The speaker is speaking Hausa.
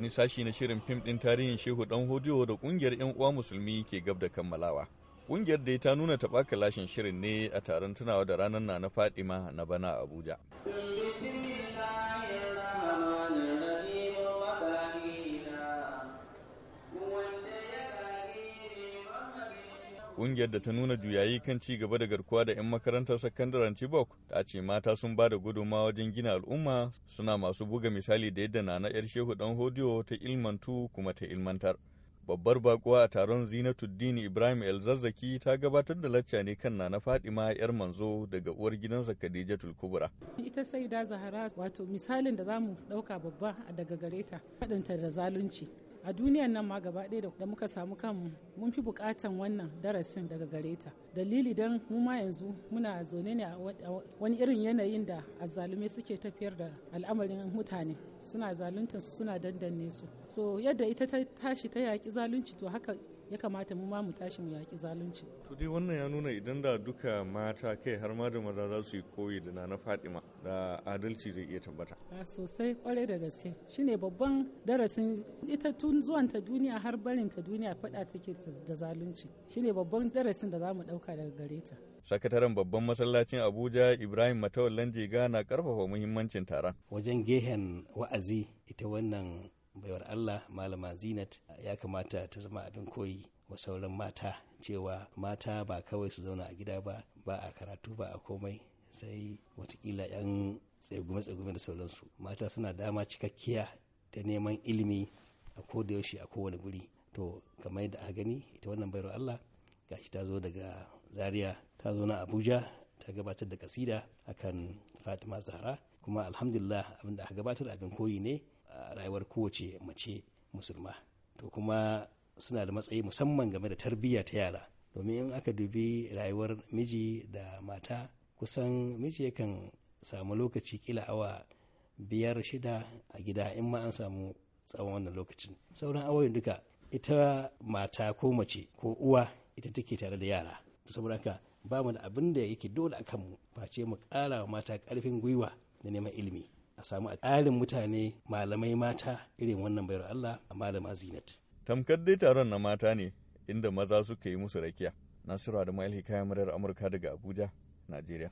wani sashi na shirin fim ɗin tarihin Shehu Dan Hodiyo da ƙungiyar 'yan uwa musulmi ke gab da kammalawa. Ƙungiyar ya ta nuna taɓa lashin shirin ne a taron tunawa da ranar na na Fadima na bana Abuja. Ƙungiyar da ta nuna juyayi kan ci gaba da garkuwa da 'yan makarantar sakandaren Chibok ta ce mata sun ba da gudunmawa wajen gina al'umma suna masu buga misali da yadda na 'yar Shehu Dan Hodiyo ta ilmantu kuma ta ilmantar. babbar bakuwa a taron zinatuddin ibrahim el zazzaki ta gabatar da lacca ne kan nana fadima yar manzo daga uwar gidansa khadijatul kubra ita sai da zahara wato misalin da zamu dauka babba daga gareta fadanta da zalunci a duniyan nan ma gaba ɗaya da muka samu kanmu mun fi buƙatan wannan darasin daga gare ta dalili don mu ma yanzu muna zaune ne a wani irin yanayin da azzalume suke tafiyar da al'amarin mutane suna zaluntar su suna dandanne su so yadda ita ta tashi ta yaƙi zalunci to haka ya kamata mu ma mu tashi mu yaki zalunci. To dai wannan ya nuna idan da duka mata kai har ma da maza za su yi koyi da Nana Fatima da adalci zai iya tabbata. Sosai kwarai da gaske shine babban darasin ita tun zuwan ta duniya har barin ta duniya faɗa take da zalunci shine babban darasin da za mu ɗauka daga gare ta. Sakataren babban masallacin Abuja Ibrahim Matawallan Jega na karfafa muhimmancin taron. Wajen gehen wa'azi ita wannan baiwar Allah malama Zinat ya kamata ta zama abin koyi wa sauran mata cewa mata ba kawai su zauna a gida ba ba a karatu ba a komai sai watakila 'yan tsegume-tsegume da sauransu mata suna dama cikakkiya ta neman ilimi a koda yaushe a kowane guri to kamar da aka gani ita wannan bayar Allah gashi ta zo daga Zaria ta zo na Abuja ta gabatar da kasida akan Fatima Zahra kuma alhamdulillah abin da aka gabatar abin koyi ne rayuwar kowace mace musulma to kuma suna da matsayi musamman game da tarbiyya ta yara domin in aka dubi rayuwar miji da mata kusan miji yakan samu lokaci kila awa biyar shida a gida in ma an samu tsawon wannan lokacin sauran awoyin duka ita mata ko mace ko uwa ita take tare da yara saboda haka ba mu da abin da yake dole a kanmu face mu ƙara mata karfin gwiwa da neman ilimi a samu a ƙarin mutane malamai mata irin wannan bayar Allah a malama Zinat. Tamkar dai taron na mata ne inda maza suka yi musu rakiya. Nasiru Adamu Alhikaya Murar Amurka daga Abuja, Najeriya.